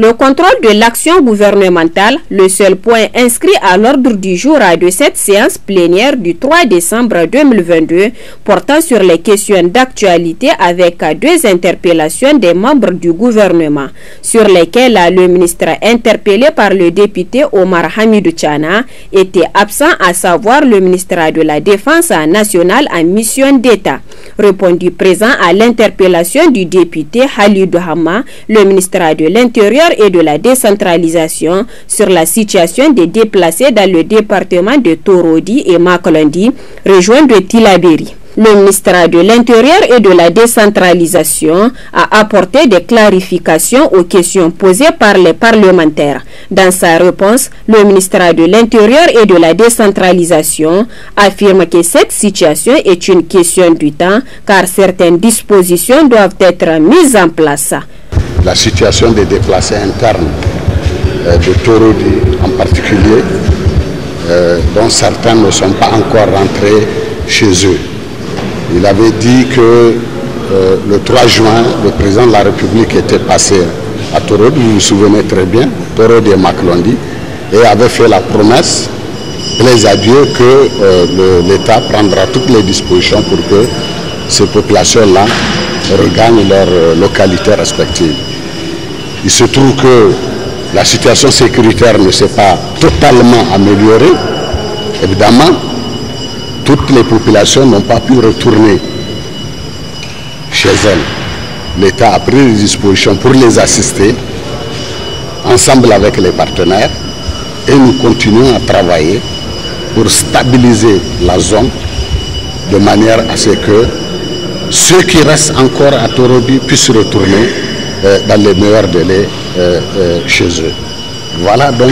Le contrôle de l'action gouvernementale, le seul point inscrit à l'ordre du jour de cette séance plénière du 3 décembre 2022, portant sur les questions d'actualité avec deux interpellations des membres du gouvernement, sur lesquelles le ministre interpellé par le député Omar Hamidou Chana était absent, à savoir le ministre de la Défense nationale en mission d'État. Répondu présent à l'interpellation du député Halidou Hama, le ministre de l'Intérieur et de la décentralisation sur la situation des déplacés dans le département de Torodi et Makolandi, rejoint de Tilaberi. Le ministère de l'Intérieur et de la décentralisation a apporté des clarifications aux questions posées par les parlementaires. Dans sa réponse, le ministère de l'Intérieur et de la décentralisation affirme que cette situation est une question du temps car certaines dispositions doivent être mises en place la situation des déplacés internes euh, de Torodi en particulier, euh, dont certains ne sont pas encore rentrés chez eux. Il avait dit que euh, le 3 juin, le président de la République était passé à Torodi, vous vous souvenez très bien, Torodi et Maclondi, et avait fait la promesse, plaise à Dieu, que l'État prendra toutes les dispositions pour que ces populations-là regagnent leurs localités respectives. Il se trouve que la situation sécuritaire ne s'est pas totalement améliorée. Évidemment, toutes les populations n'ont pas pu retourner chez elles. L'État a pris les dispositions pour les assister, ensemble avec les partenaires, et nous continuons à travailler pour stabiliser la zone de manière à ce que ceux qui restent encore à Torobi puissent retourner euh, dans les meilleurs délais euh, euh, chez eux. Voilà donc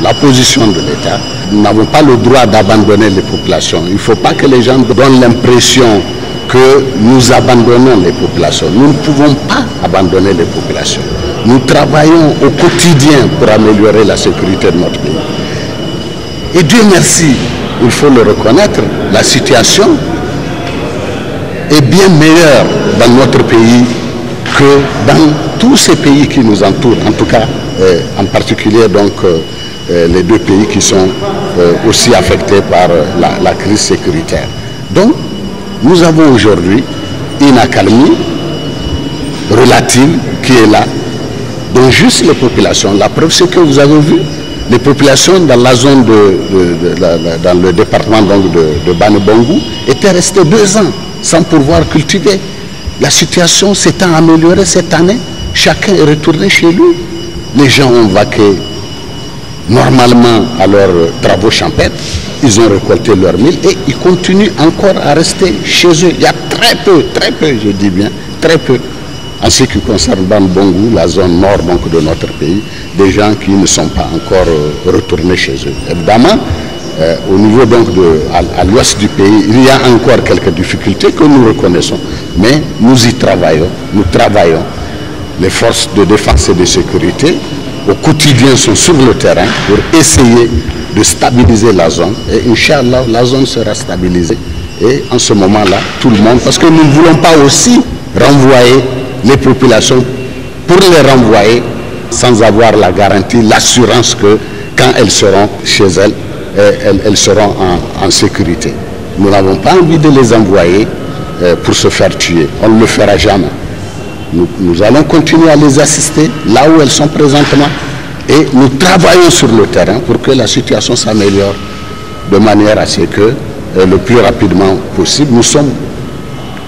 la position de l'État. Nous n'avons pas le droit d'abandonner les populations. Il ne faut pas que les gens donnent l'impression que nous abandonnons les populations. Nous ne pouvons pas abandonner les populations. Nous travaillons au quotidien pour améliorer la sécurité de notre pays. Et Dieu merci, il faut le reconnaître, la situation est bien meilleure dans notre pays que dans tous ces pays qui nous entourent, en tout cas euh, en particulier donc euh, euh, les deux pays qui sont aussi affectés par la, crise sécuritaire. Donc nous avons aujourd'hui une accalmie relative qui est là, dont juste les populations. La preuve c'est que vous avez vu, les populations dans la zone de, dans le département donc de, de étaient restées deux ans sans pouvoir cultiver. La situation s'est améliorée cette année, chacun est retourné chez lui. Les gens ont vaqué normalement à leurs travaux champêtres, ils ont récolté leurs mille et ils continuent encore à rester chez eux. Il y a très peu, très peu, je dis bien, très peu, en ce qui concerne Bambongou, la zone nord donc, de notre pays, des gens qui ne sont pas encore euh, retournés chez eux. Évidemment, euh, au niveau donc de, à l'ouest du pays, il y a encore quelques difficultés que nous reconnaissons. Mais nous y travaillons, nous travaillons. Les forces de défense et de sécurité au quotidien sont sur le terrain pour essayer de stabiliser la zone. Et Inch'Allah, la zone sera stabilisée. Et en ce moment-là, tout le monde, parce que nous ne voulons pas aussi renvoyer les populations pour les renvoyer sans avoir la garantie, l'assurance que quand elles seront chez elles, eh, elles, seront en, en sécurité. Nous n'avons pas envie de les envoyer euh, pour se faire tuer. On ne le fera jamais. Nous, allons continuer à les assister là où elles sont présentement et nous travaillons sur le terrain pour que la situation s'améliore de manière à ce que euh, le plus rapidement possible, nous sommes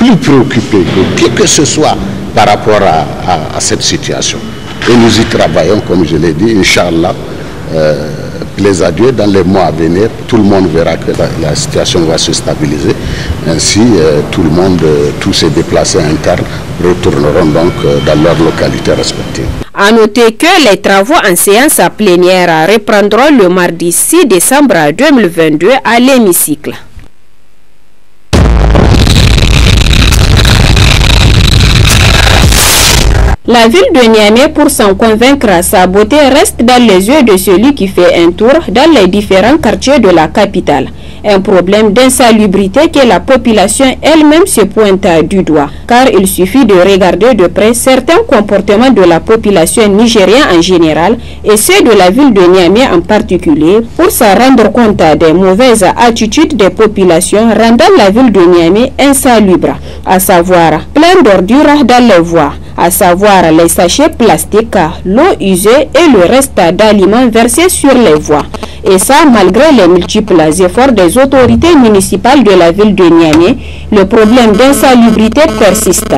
plus préoccupés que qui que ce soit par rapport à, cette situation. Et nous y travaillons, comme je l'ai dit, Inch'Allah. Euh, plaise à Dieu, dans les mois à venir, tout le monde verra que la, situation va se stabiliser. Ainsi, euh, tout le monde, euh, tous ces déplacés internes retourneront donc euh, dans leur localité respective. A noter que les travaux en séance à plénière reprendront le mardi 6 décembre 2022 à l'hémicycle. La ville de Niamey, pour s'en convaincre, sa beauté reste dans les yeux de celui qui fait un tour dans les différents quartiers de la capitale. Un problème d'insalubrité que la population elle-même se pointe du doigt. Car il suffit de regarder de près certains comportements de la population nigérienne en général et ceux de la ville de Niamey en particulier pour se rendre compte des mauvaises attitudes des populations rendant la ville de Niamey insalubre, à savoir plein d'ordures dans les voies à savoir les sachets plastiques, l'eau usée et le reste d'aliments versés sur les voies. Et ça, malgré les multiples efforts des autorités municipales de la ville de Niamey, le problème d'insalubrité persiste.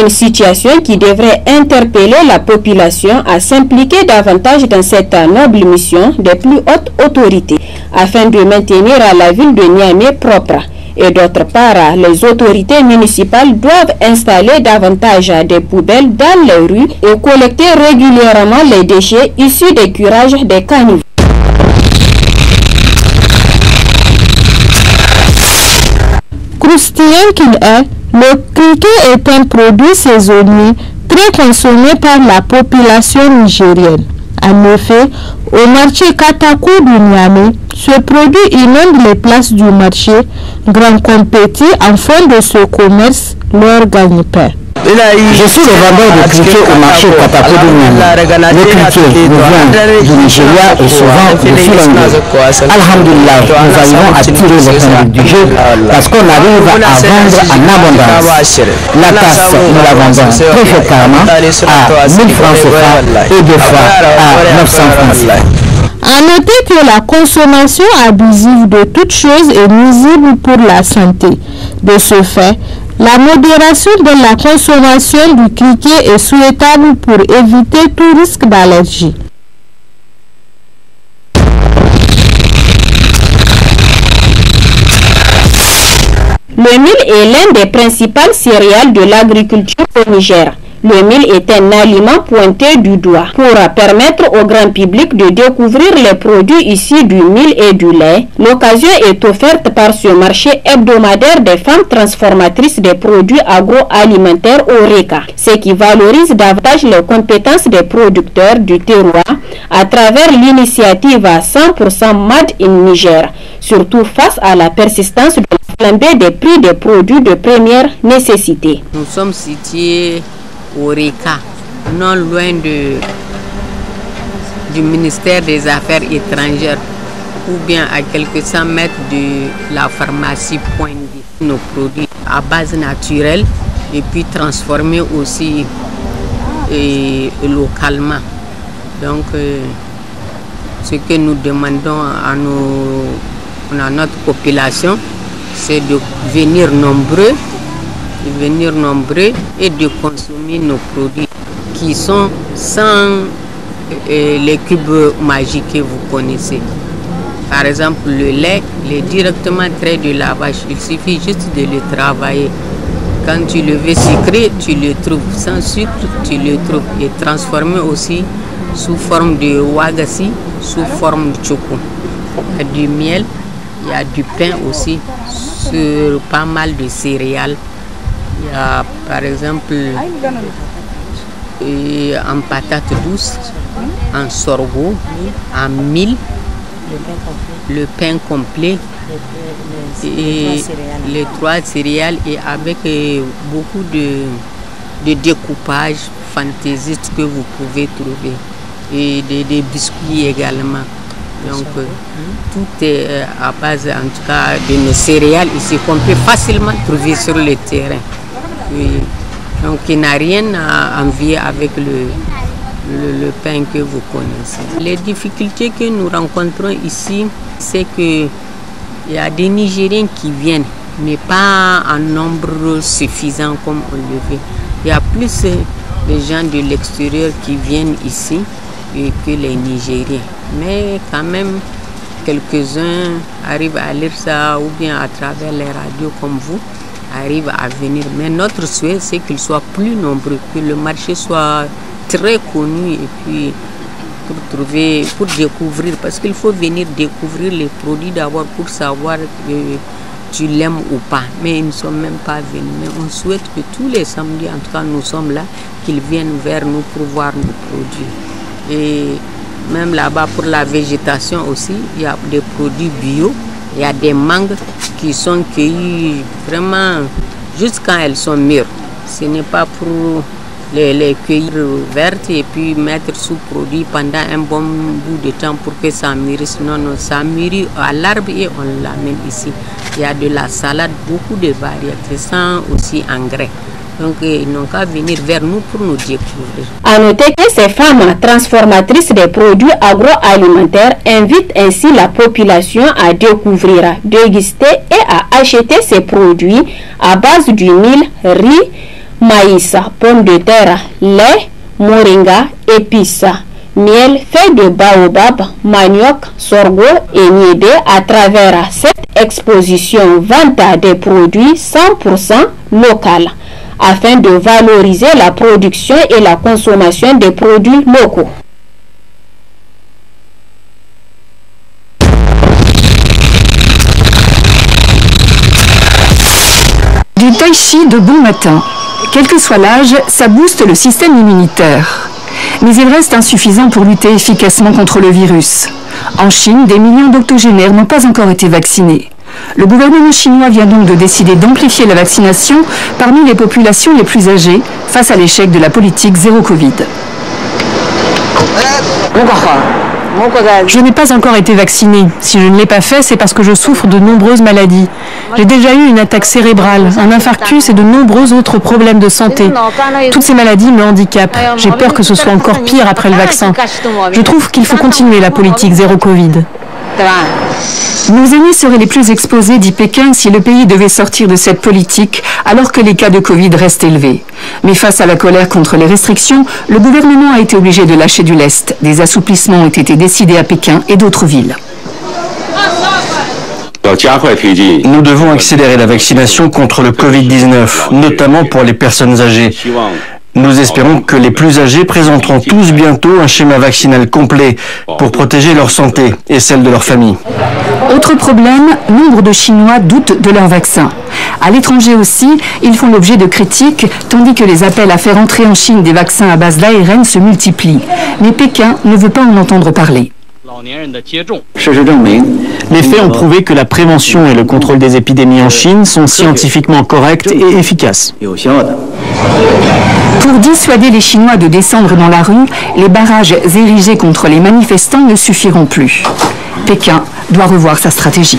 Une situation qui devrait interpeller la population à s'impliquer davantage dans cette noble mission des plus hautes autorités, afin de maintenir la ville de Niamey propre. Et d'autre part, les autorités municipales doivent installer davantage des poubelles dans les rues et collecter régulièrement les déchets issus des curages des caniveaux. Croustillant qu'il est, le criquet est un produit saisonnier très consommé par la population nigérienne. En effet, au marché Katakou du Niamey, ce produit inonde les places du marché. Grand compétit en fin de ce commerce leur gagne-pain. Je suis le vendeur de critiques au marché de Katakodoumian. Le critiques nous vient du Nigeria et souvent de Fulangé. Alhamdulillah, nous arrivons à tirer le temps du jeu parce qu'on arrive à vendre en abondance. La tasse, nous la vendons très fréquemment à 1000 francs CFA et deux fois à 900 francs. A noter que la consommation abusive de toutes choses est nuisible pour la santé. De ce fait, la modération de la consommation du criquet est souhaitable pour éviter tout risque d'allergie. Le mil est l'un des principales céréales de l'agriculture au le mil est un aliment pointé du doigt. Pour permettre au grand public de découvrir les produits issus du mil et du lait, l'occasion est offerte par ce marché hebdomadaire des femmes transformatrices des produits agroalimentaires Oreca, ce qui valorise davantage les compétences des producteurs du terroir à travers l'initiative à 100% Mad in Niger, surtout face à la persistance de la flambée des prix des produits de première nécessité. Nous sommes situés RECA, non loin de, du ministère des Affaires étrangères ou bien à quelques cent mètres de la pharmacie Point Nos produits à base naturelle et puis transformés aussi localement. Donc, euh, ce que nous demandons à, à notre population, c'est de venir nombreux de venir nombreux et de consommer nos produits qui sont sans euh, les cubes magiques que vous connaissez. Par exemple, le lait, il est directement trait de la vache. Il suffit juste de le travailler. Quand tu le veux sucré, tu le trouves. Sans sucre, tu le trouves. est transformé aussi sous forme de wagasi, sous forme de choco. Il y a du miel, il y a du pain aussi, sur pas mal de céréales. Il y a par exemple euh, en patate douce, en sorgho, en mil, le pain complet, les trois céréales et avec euh, beaucoup de, découpages fantaisistes que vous pouvez trouver et des, biscuits également. Donc euh, tout est à base en tout cas de nos céréales ici qu'on peut facilement trouver sur le terrain. Oui. Donc il n'a rien à envier avec le, pain que vous connaissez. Les difficultés que nous rencontrons ici, c'est qu'il y a des Nigériens qui viennent, mais pas en nombre suffisant comme on le veut. Il y a plus de gens de l'extérieur qui viennent ici que les Nigériens. Mais quand même, quelques-uns arrivent à lire ça ou bien à travers les radios comme vous arrive à venir. Mais notre souhait, c'est qu'ils soient plus nombreux, que le marché soit très connu et puis pour trouver, pour découvrir, parce qu'il faut venir découvrir les produits d'abord pour savoir que tu l'aimes ou pas. Mais ils ne sont même pas venus. Mais on souhaite que tous les samedis, en tout cas nous sommes là, qu'ils viennent vers nous pour voir nos produits. Et même là-bas pour la végétation aussi, il y a des produits bio il y a des mangues qui sont cueillies vraiment juste quand elles sont mûres. Ce n'est pas pour les, les cueillir vertes et puis mettre sous produit pendant un bon bout de temps pour que ça mûrisse. Non, non, ça mûrit à l'arbre et on l'amène ici. Il y a de la salade, beaucoup de variétés sans aussi engrais. Donc ils n'ont qu'à venir vers nous pour nous découvrir. À noter que ces femmes transformatrices des produits agroalimentaires invitent ainsi la population à découvrir, déguster et à acheter ces produits à base d'huile, riz, maïs, pommes de terre, lait, moringa, épices miel, feuilles de baobab, manioc, sorgho et niédé à travers cette exposition vente à des produits 100% locaux afin de valoriser la production et la consommation des produits locaux. Du tai chi de bon matin. Quel que soit l'âge, ça booste le système immunitaire. Mais il reste insuffisant pour lutter efficacement contre le virus. En Chine, des millions d'octogénaires n'ont pas encore été vaccinés. Le gouvernement chinois vient donc de décider d'amplifier la vaccination parmi les populations les plus âgées face à l'échec de la politique zéro Covid. Je n'ai pas encore été vaccinée. Si je ne l'ai pas fait, c'est parce que je souffre de nombreuses maladies. J'ai déjà eu une attaque cérébrale, un infarctus et de nombreux autres problèmes de santé. Toutes ces maladies me handicapent. J'ai peur que ce soit encore pire après le vaccin. Je trouve qu'il faut continuer la politique zéro Covid. Nos amis seraient les plus exposés, dit Pékin, si le pays devait sortir de cette politique, alors que les cas de Covid restent élevés. Mais face à la colère contre les restrictions, le gouvernement a été obligé de lâcher du lest. Des assouplissements ont été décidés à Pékin et d'autres villes. Nous devons accélérer la vaccination contre le Covid-19, notamment pour les personnes âgées. Nous espérons que les plus âgés présenteront tous bientôt un schéma vaccinal complet pour protéger leur santé et celle de leur famille. Autre problème, nombre de Chinois doutent de leur vaccin. À l'étranger aussi, ils font l'objet de critiques, tandis que les appels à faire entrer en Chine des vaccins à base d'ARN se multiplient. Mais Pékin ne veut pas en entendre parler. Les faits ont prouvé que la prévention et le contrôle des épidémies en Chine sont scientifiquement corrects et efficaces. Pour dissuader les Chinois de descendre dans la rue, les barrages érigés contre les manifestants ne suffiront plus. Pékin doit revoir sa stratégie.